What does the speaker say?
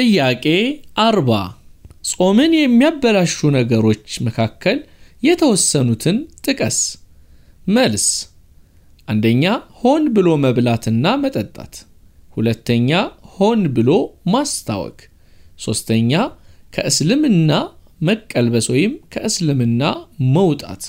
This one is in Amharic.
ጥያቄ አርባ ጾምን የሚያበላሹ ነገሮች መካከል የተወሰኑትን ጥቀስ። መልስ፣ አንደኛ ሆን ብሎ መብላትና መጠጣት፣ ሁለተኛ ሆን ብሎ ማስታወክ፣ ሶስተኛ ከእስልምና መቀልበስ ወይም ከእስልምና መውጣት።